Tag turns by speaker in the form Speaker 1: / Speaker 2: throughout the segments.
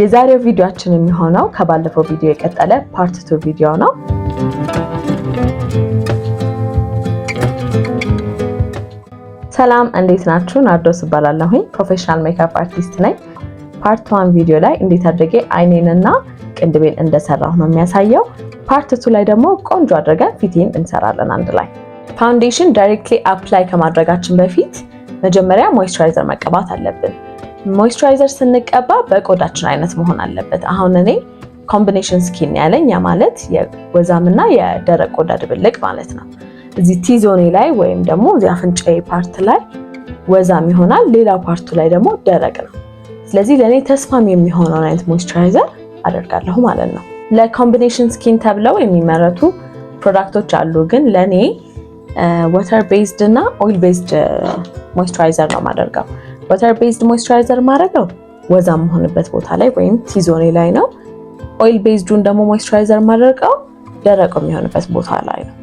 Speaker 1: የዛሬው ቪዲዮአችን የሚሆነው ከባለፈው ቪዲዮ የቀጠለ ፓርት ቱ ቪዲዮ ነው። ሰላም እንዴት ናችሁ? ናርዶስ እባላለሁኝ። ፕሮፌሽናል ሜካፕ አርቲስት ነኝ። ፓርት ዋን ቪዲዮ ላይ እንዴት አድርጌ አይኔንና ቅንድቤን እንደሰራሁ ነው የሚያሳየው። ፓርት ቱ ላይ ደግሞ ቆንጆ አድርገን ፊቴን እንሰራለን አንድ ላይ። ፋውንዴሽን ዳይሬክትሊ አፕላይ ከማድረጋችን በፊት መጀመሪያ ሞይስቸራይዘር መቀባት አለብን። ሞይስቸራይዘር ስንቀባ በቆዳችን አይነት መሆን አለበት። አሁን እኔ ኮምቢኔሽን ስኪን ያለኝ ያ ማለት የወዛምና የደረቅ ቆዳ ድብልቅ ማለት ነው። እዚህ ቲዞኔ ላይ ወይም ደግሞ እዚህ አፍንጫዬ ፓርት ላይ ወዛም ይሆናል፣ ሌላው ፓርቱ ላይ ደግሞ ደረቅ ነው። ስለዚህ ለእኔ ተስማሚ የሚሆነውን አይነት ሞይስቸራይዘር አደርጋለሁ ማለት ነው። ለኮምቢኔሽን ስኪን ተብለው የሚመረቱ ፕሮዳክቶች አሉ፣ ግን ለእኔ ወተር ቤዝድ እና ኦይል ቤዝድ ሞይስቸራይዘር ነው የማደርገው። ወተር ቤዝድ ሞይስቸራይዘር ማድረገው ወዛ የምሆንበት ቦታ ላይ ወይም ሲዞኔ ላይ ነው። ኦይል ቤዝዱን ደግሞ ሞይስቸራይዘር ማድረገው ደረቅ የሚሆንበት ቦታ ላይ ነው።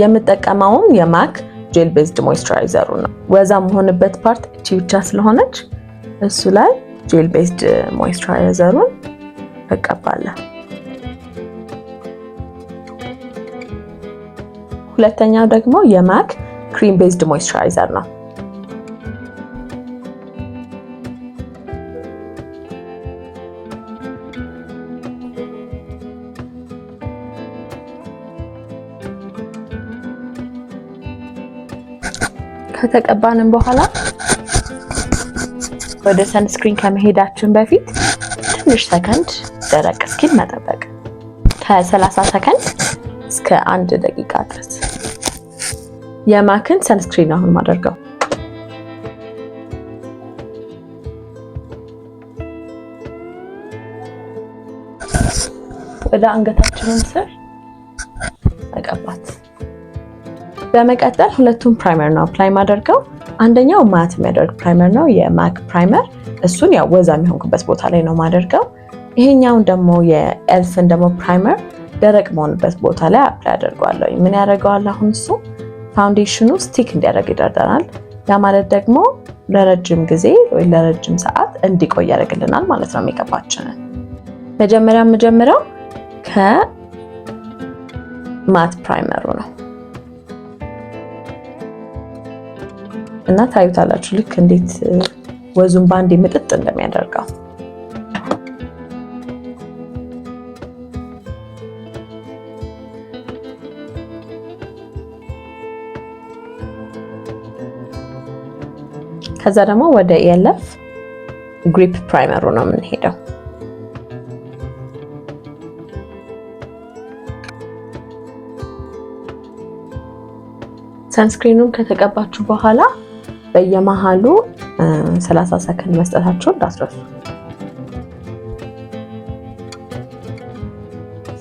Speaker 1: የምጠቀመውም የማክ ጄል ቤዝድ ሞይስቸራይዘሩ ነው። ወዛ የምሆንበት ፓርት እቺ ብቻ ስለሆነች እሱ ላይ ጄል ቤዝድ ሞይስቸራይዘሩን እቀባለሁ። ሁለተኛው ደግሞ የማክ ክሪም ቤዝድ ሞይስቸራይዘር ነው። ከተቀባንም በኋላ ወደ ሰንስክሪን ከመሄዳችን በፊት ትንሽ ሰከንድ ደረቅ እስኪል መጠበቅ ከ30 ሰከንድ እስከ አንድ ደቂቃ ድረስ የማክን ሰንስክሪን አሁን ማደርገው ወደ አንገታችንን ስር መቀባት። በመቀጠል ሁለቱም ፕራይመር ነው አፕላይ ማደርገው። አንደኛው ማት የሚያደርግ ፕራይመር ነው የማክ ፕራይመር። እሱን ያው ወዛ የሚሆንኩበት ቦታ ላይ ነው ማደርገው። ይሄኛውን ደግሞ የኤልፍን ደግሞ ፕራይመር ደረቅ መሆንበት ቦታ ላይ አፕላይ አደርገዋለሁ። ምን ያደርገዋል አሁን እሱ ፋውንዴሽኑ ስቲክ እንዲያደርግ ይረዳናል። ያ ማለት ደግሞ ለረጅም ጊዜ ወይ ለረጅም ሰዓት እንዲቆይ ያደርግልናል ማለት ነው ሜካፓችንን። መጀመሪያ የምጀምረው ከማት ፕራይመሩ ነው እና ታዩታላችሁ ልክ እንዴት ወዙን በአንድ ምጥጥ እንደሚያደርገው ከዛ ደግሞ ወደ ኤለፍ e ግሪፕ ፕራይመሩ ነው የምንሄደው። ሰንስክሪኑን ከተቀባችሁ በኋላ በየመሃሉ 30 ሰከንድ መስጠታችሁን እንዳትረሱ።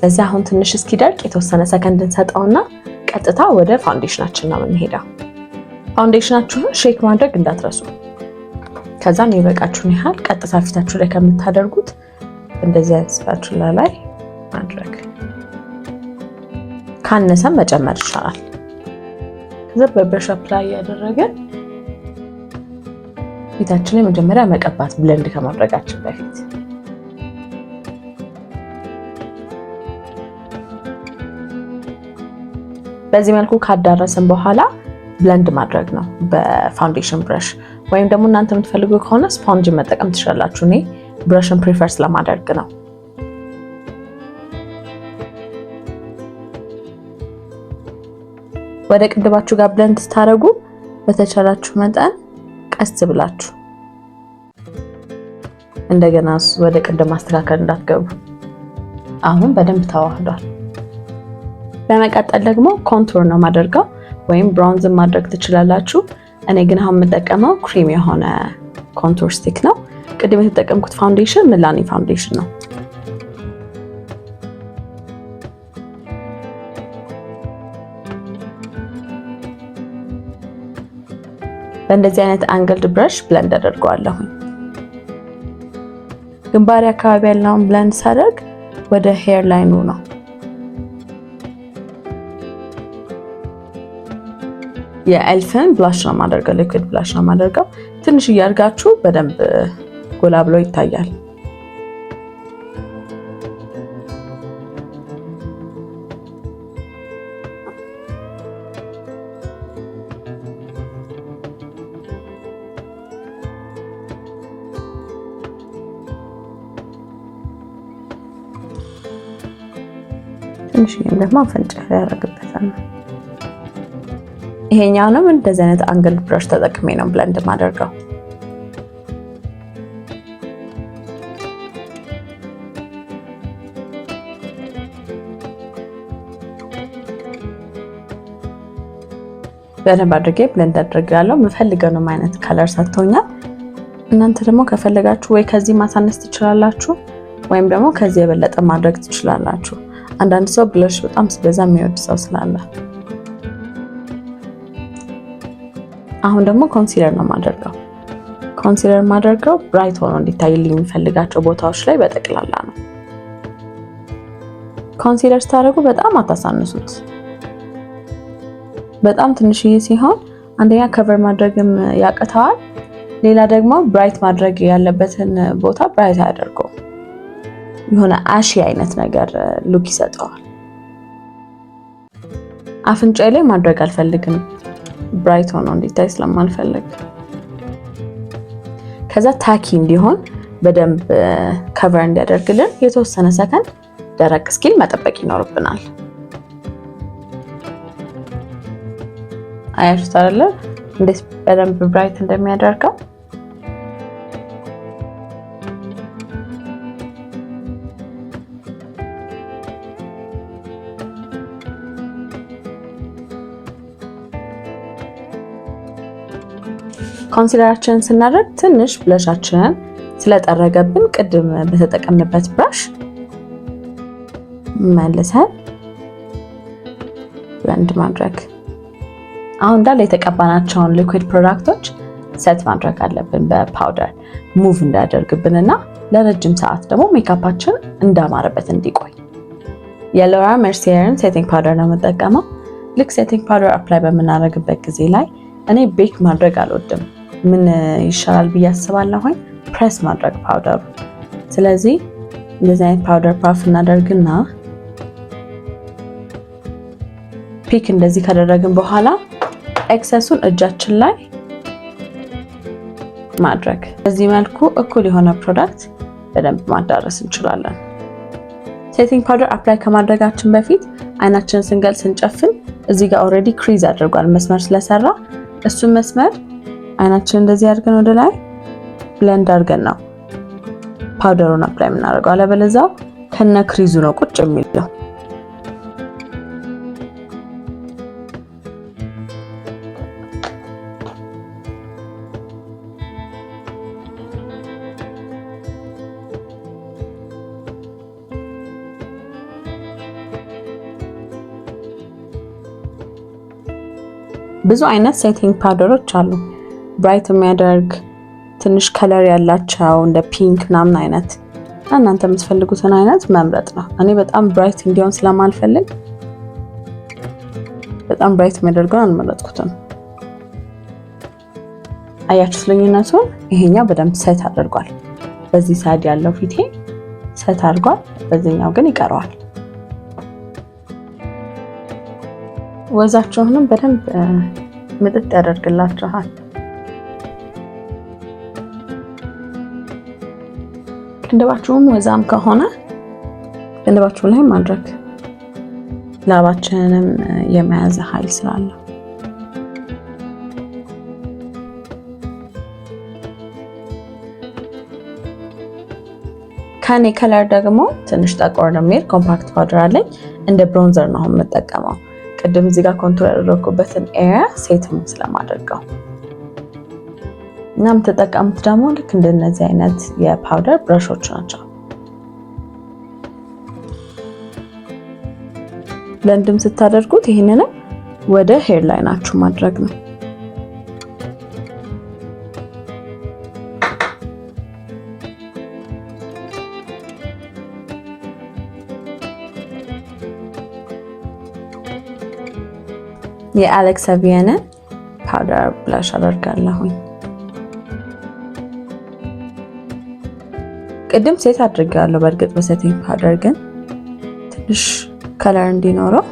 Speaker 1: ለዚህ አሁን ትንሽ እስኪደርቅ የተወሰነ ሰከንድ እንሰጠውና ቀጥታ ወደ ፋውንዴሽናችን ነው የምንሄደው። ፋውንዴሽናችሁን ሼክ ማድረግ እንዳትረሱ። ከዛም የበቃችሁን ያህል ቀጥታ ፊታችሁ ላይ ከምታደርጉት እንደዚህ አይነት ስፓቹላ ላይ ማድረግ ካነሰም መጨመር ይቻላል። ከዛ በብረሽ አፕላይ ያደረገን ፊታችን ላይ መጀመሪያ መቀባት ብለንድ ከማድረጋችን በፊት በዚህ መልኩ ካዳረስን በኋላ ብለንድ ማድረግ ነው በፋውንዴሽን ብረሽ ወይም ደግሞ እናንተ የምትፈልጉ ከሆነ ስፖንጅን መጠቀም ትችላላችሁ። እኔ ብረሽን ፕሪፈርስ ለማድረግ ነው። ወደ ቅድባችሁ ጋር ብለንድ ስታደርጉ በተቻላችሁ መጠን ቀስ ብላችሁ እንደገና ወደ ቅንድብ ማስተካከል እንዳትገቡ። አሁን በደንብ ተዋህዷል። በመቀጠል ደግሞ ኮንቱር ነው ማደርገው ወይም ብራውንዝን ማድረግ ትችላላችሁ። እኔ ግን አሁን የምጠቀመው ክሪም የሆነ ኮንቶር ስቲክ ነው። ቅድም የተጠቀምኩት ፋውንዴሽን ምላኔ ፋውንዴሽን ነው። በእንደዚህ አይነት አንግልድ ብረሽ ብለንድ አደርገዋለሁ። ግንባሬ አካባቢ ያለውን ብለንድ ሳደርግ ወደ ሄር ላይኑ ነው የኤልፍን ብላሽ ነው የማደርገው፣ ሊኩድ ብላሽ ነው የማደርገው። ትንሽ እያድጋችሁ በደንብ ጎላ ብሎ ይታያል። ትንሽ ደግሞ አፈንጫ ያደርግበታል። ይሄኛውንም እንደዚህ አይነት አንግል ብራሽ ተጠቅሜ ነው ብለንድ ማደርገው። በደንብ አድርጌ ብለንድ አድርጋለሁ። የምፈልገውንም አይነት ከለር ሰጥቶኛል። እናንተ ደግሞ ከፈለጋችሁ ወይ ከዚህ ማሳነስ ትችላላችሁ፣ ወይም ደግሞ ከዚህ የበለጠ ማድረግ ትችላላችሁ። አንዳንድ ሰው ብለሽ በጣም ሲበዛ የሚወድ ሰው ስላለ አሁን ደግሞ ኮንሲለር ነው የማደርገው። ኮንሲለር የማደርገው ብራይት ሆኖ እንዲታይልኝ የሚፈልጋቸው ቦታዎች ላይ በጠቅላላ ነው። ኮንሲለር ስታደርጉ በጣም አታሳንሱት። በጣም ትንሽዬ ሲሆን አንደኛ ከቨር ማድረግም ያቅተዋል፣ ሌላ ደግሞ ብራይት ማድረግ ያለበትን ቦታ ብራይት አያደርገውም። የሆነ አሺ አይነት ነገር ሉክ ይሰጠዋል። አፍንጫዬ ላይ ማድረግ አልፈልግም። ብራይት ሆኖ እንዲታይ ስለማልፈልግ። ከዛ ታኪ እንዲሆን በደንብ ከቨር እንዲያደርግልን የተወሰነ ሰከንድ ደረቅ እስኪል መጠበቅ ይኖርብናል። አያችሁት አይደለ? እንዴት በደንብ ብራይት እንደሚያደርገው ኮንሲለራችንን ስናደርግ ትንሽ ብለሻችንን ስለጠረገብን ቅድም በተጠቀምንበት ብራሽ መልሰን ብለንድ ማድረግ። አሁን እንዳለ የተቀባናቸውን ሊኩዊድ ፕሮዳክቶች ሰት ማድረግ አለብን በፓውደር ሙቭ እንዳያደርግብንና ለረጅም ሰዓት ደግሞ ሜካፓችን እንዳማረበት እንዲቆይ። የሎራ መርሲየርን ሴቲንግ ፓውደር ነው የምጠቀመው። ልክ ሴቲንግ ፓውደር አፕላይ በምናደርግበት ጊዜ ላይ እኔ ቤክ ማድረግ አልወድም። ምን ይሻላል ብዬ አስባለሁኝ ፕሬስ ማድረግ ፓውደሩ። ስለዚህ እንደዚህ አይነት ፓውደር ፓፍ እናደርግና ፒክ እንደዚህ ካደረግን በኋላ ኤክሰሱን እጃችን ላይ ማድረግ በዚህ መልኩ እኩል የሆነ ፕሮዳክት በደንብ ማዳረስ እንችላለን። ሴቲንግ ፓውደር አፕላይ ከማድረጋችን በፊት አይናችንን ስንገልጽ ስንጨፍን እዚህ ጋር ኦልሬዲ ክሪዝ አድርጓል መስመር ስለሰራ እሱን መስመር አይናችን እንደዚህ አድርገን ወደ ላይ ብለንድ አድርገን ነው ፓውደሩን አፕላይ የምናደርገው። አለበለዚያ ከነ ክሪዙ ነው ቁጭ የሚለው። ብዙ አይነት ሴቲንግ ፓውደሮች አሉ። ብራይት የሚያደርግ ትንሽ ከለር ያላቸው እንደ ፒንክ ምናምን አይነት እናንተ የምትፈልጉትን አይነት መምረጥ ነው። እኔ በጣም ብራይት እንዲሆን ስለማልፈልግ በጣም ብራይት የሚያደርገውን አልመረጥኩትም። አያችሁት ልዩነቱን? ይሄኛው በደንብ ሰት አድርጓል። በዚህ ሳይድ ያለው ፊቴ ሰት አድርጓል፣ በዚህኛው ግን ይቀረዋል። ወዛችሁንም በደንብ ምጥጥ ያደርግላችኋል። ቅንድባችሁም ወዛም ከሆነ ቅንድባችሁ ላይ ማድረግ ላባችንንም የመያዝ ኃይል ስላለው ከኔ ከለር ደግሞ ትንሽ ጠቆር ነው የሚል ኮምፓክት ፓውደር አለኝ። እንደ ብሮንዘር ነው የምጠቀመው። ቅድም እዚህ ጋር ኮንትሮል ያደረኩበትን ኤሪያ ሴት ስለማደርገው እና የምትጠቀሙት ደግሞ ልክ እንደነዚህ አይነት የፓውደር ብረሾች ናቸው። ብለንድም ስታደርጉት ይህንንም ወደ ሄር ላይናችሁ ማድረግ ነው። የአሌክስ አቪየንን ፓውደር ብላሽ አደርጋለሁኝ። ቅድም ሴት አድርጌያለሁ። በእርግጥ በሴቲንግ ፓውደር ግን ትንሽ ከለር እንዲኖረው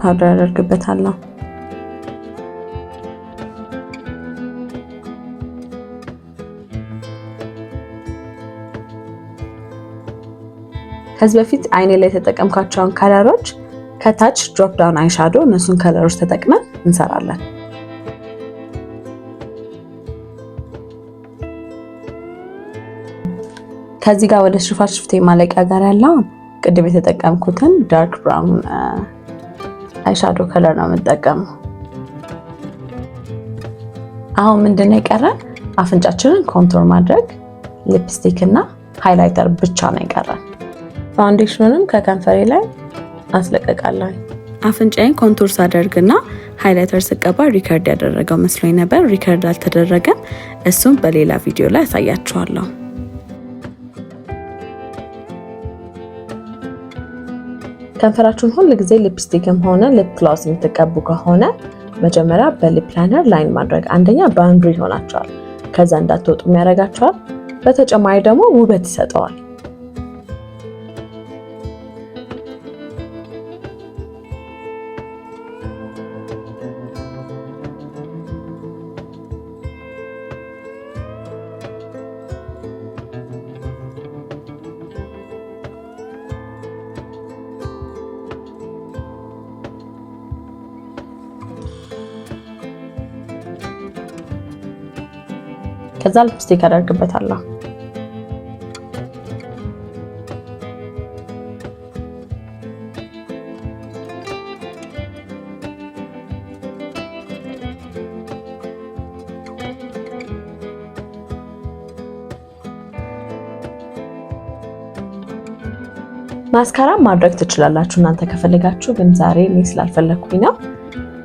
Speaker 1: ፓውደር አደርግበታለሁ። ከዚህ በፊት አይኔ ላይ የተጠቀምኳቸውን ከለሮች ከታች ድሮፕ ዳውን አይሻዶ እነሱን ከለሮች ተጠቅመን እንሰራለን። ከዚህ ጋር ወደ ሽፋ ሽፍቴ ማለቂያ ጋር ያለው ቅድም የተጠቀምኩትን ዳርክ ብራውን አይሻዶ ከለር ነው የምንጠቀመው። አሁን ምንድነው የቀረን? አፍንጫችንን ኮንቶር ማድረግ ሊፕስቲክ እና ሃይላይተር ብቻ ነው የቀረን። ፋውንዴሽኑንም ከከንፈሬ ላይ አስለቀቃለሁ። አፍንጫዬን ኮንቶር ሳደርግና ሃይላይተር ስቀባ ሪከርድ ያደረገው መስሎኝ ነበር። ሪከርድ አልተደረገም። እሱም በሌላ ቪዲዮ ላይ አሳያችኋለሁ። ከንፈራችሁን ሁል ጊዜ ሊፕስቲክም ሆነ ሊፕ ግሎስ የምትቀቡ ከሆነ መጀመሪያ በሊፕ ላይነር ላይን ማድረግ አንደኛ ባውንድሪ ይሆናቸዋል፣ ከዛ እንዳትወጡ ያደርጋቸዋል። በተጨማሪ ደግሞ ውበት ይሰጠዋል። ከዛ ልፕስቲክ አደርግበታለሁ። ማስካራ ማድረግ ትችላላችሁ እናንተ ከፈለጋችሁ፣ ግን ዛሬ እኔ ስላልፈለግኩኝ ነው።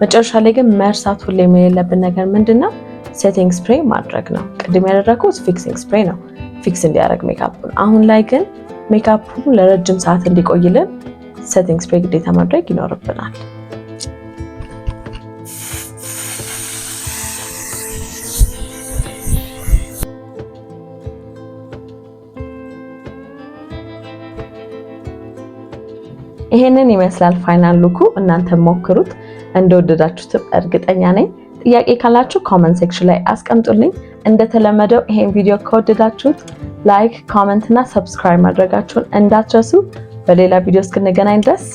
Speaker 1: መጨረሻ ላይ ግን መርሳት ሁሌ የሌለብን ነገር ምንድን ነው? ሴቲንግ ስፕሬይ ማድረግ ነው። ቅድም ያደረኩት ፊክሲንግ ስፕሬይ ነው፣ ፊክስ እንዲያደርግ ሜካፑን። አሁን ላይ ግን ሜካፑ ለረጅም ሰዓት እንዲቆይልን ሴቲንግ ስፕሬይ ግዴታ ማድረግ ይኖርብናል። ይሄንን ይመስላል ፋይናል ሉኩ። እናንተ ሞክሩት፣ እንደወደዳችሁትም እርግጠኛ ነኝ። ጥያቄ ካላችሁ ኮመንት ሴክሽን ላይ አስቀምጡልኝ። እንደተለመደው ይሄን ቪዲዮ ከወደዳችሁት ላይክ፣ ኮመንት እና ሰብስክራይብ ማድረጋችሁን እንዳትረሱ። በሌላ ቪዲዮ እስክንገናኝ ድረስ